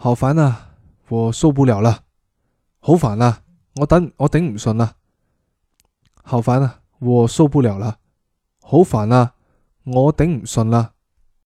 好煩啊，我受不了啦！好煩啊，我頂我頂唔順啦！好煩啊，我受不了啦！好煩啊，我頂唔順啦！